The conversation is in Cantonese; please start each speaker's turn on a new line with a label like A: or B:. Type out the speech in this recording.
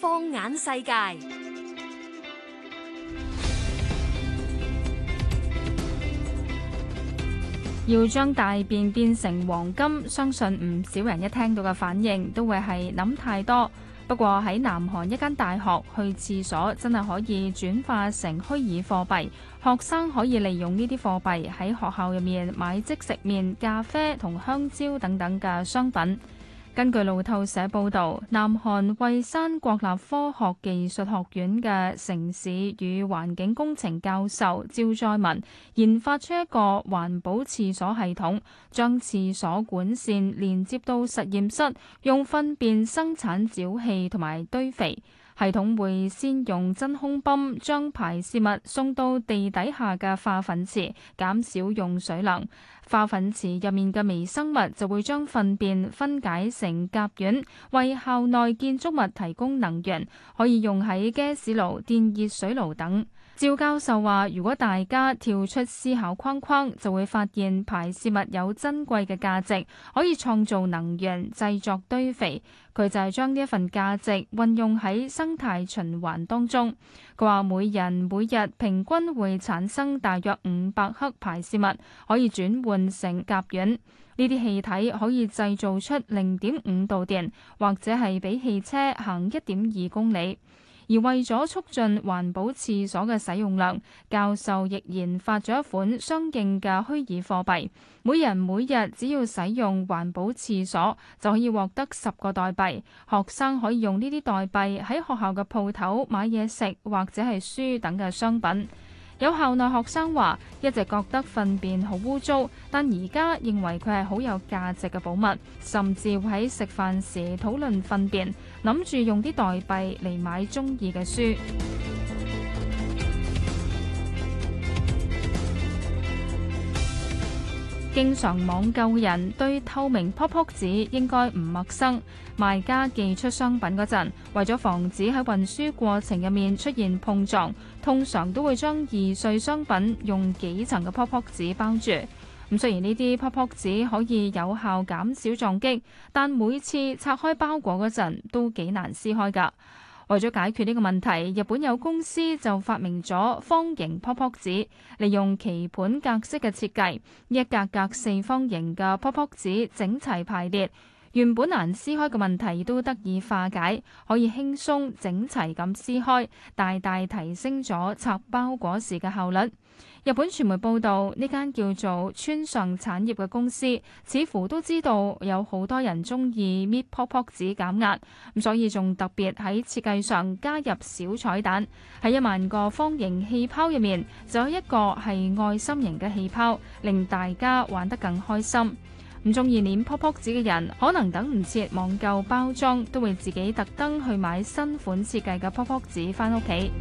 A: 放眼世界，要將大便變成黃金，相信唔少人一聽到嘅反應都會係諗太多。不過喺南韓一間大學，去廁所真係可以轉化成虛擬貨幣，學生可以利用呢啲貨幣喺學校入面買即食麵、咖啡同香蕉等等嘅商品。根據路透社報導，南韓蔚山國立科學技術學院嘅城市與環境工程教授趙在文研發出一個環保廁所系統，將廁所管線連接到實驗室，用糞便生產沼氣同埋堆肥。系統會先用真空泵將排泄物送到地底下嘅化糞池，減少用水量。化糞池入面嘅微生物就會將糞便分解成甲烷，為校內建築物提供能源，可以用喺 gas 爐、電熱水爐等。趙教授話：如果大家跳出思考框框，就會發現排泄物有珍貴嘅價值，可以創造能源、製作堆肥。佢就係將呢一份價值運用喺生態循環當中。佢話：每人每日平均會產生大約五百克排泄物，可以轉換。變成甲烷呢啲氣體，可以製造出零點五度電，或者係比汽車行一點二公里。而為咗促進環保廁所嘅使用量，教授亦研發咗一款相應嘅虛擬貨幣。每人每日只要使用環保廁所，就可以獲得十個代幣。學生可以用呢啲代幣喺學校嘅鋪頭買嘢食，或者係書等嘅商品。有校內學生話：一直覺得糞便好污糟，但而家認為佢係好有價值嘅寶物，甚至會喺食飯時討論糞便，諗住用啲代幣嚟買鍾意嘅書。經常網購嘅人對透明泡泡紙應該唔陌生。賣家寄出商品嗰陣，為咗防止喺運輸過程入面出現碰撞，通常都會將易碎商品用幾層嘅泡泡紙包住。咁雖然呢啲泡泡紙可以有效減少撞擊，但每次拆開包裹嗰陣都幾難撕開㗎。為咗解決呢個問題，日本有公司就發明咗方形泡泡紙，利用棋盤格式嘅設計，一格格四方形嘅泡泡紙整齊排列。原本難撕開嘅問題都得以化解，可以輕鬆整齊咁撕開，大大提升咗拆包裹時嘅效率。日本傳媒報道，呢間叫做村上產業嘅公司，似乎都知道有好多人中意搣泡泡紙減壓，咁所以仲特別喺設計上加入小彩蛋，喺一萬個方形氣泡入面，就有一個係愛心型嘅氣泡，令大家玩得更開心。唔中意黏泡泡紙嘅人，可能等唔切網購包裝，都會自己特登去買新款設計嘅泡泡紙返屋企。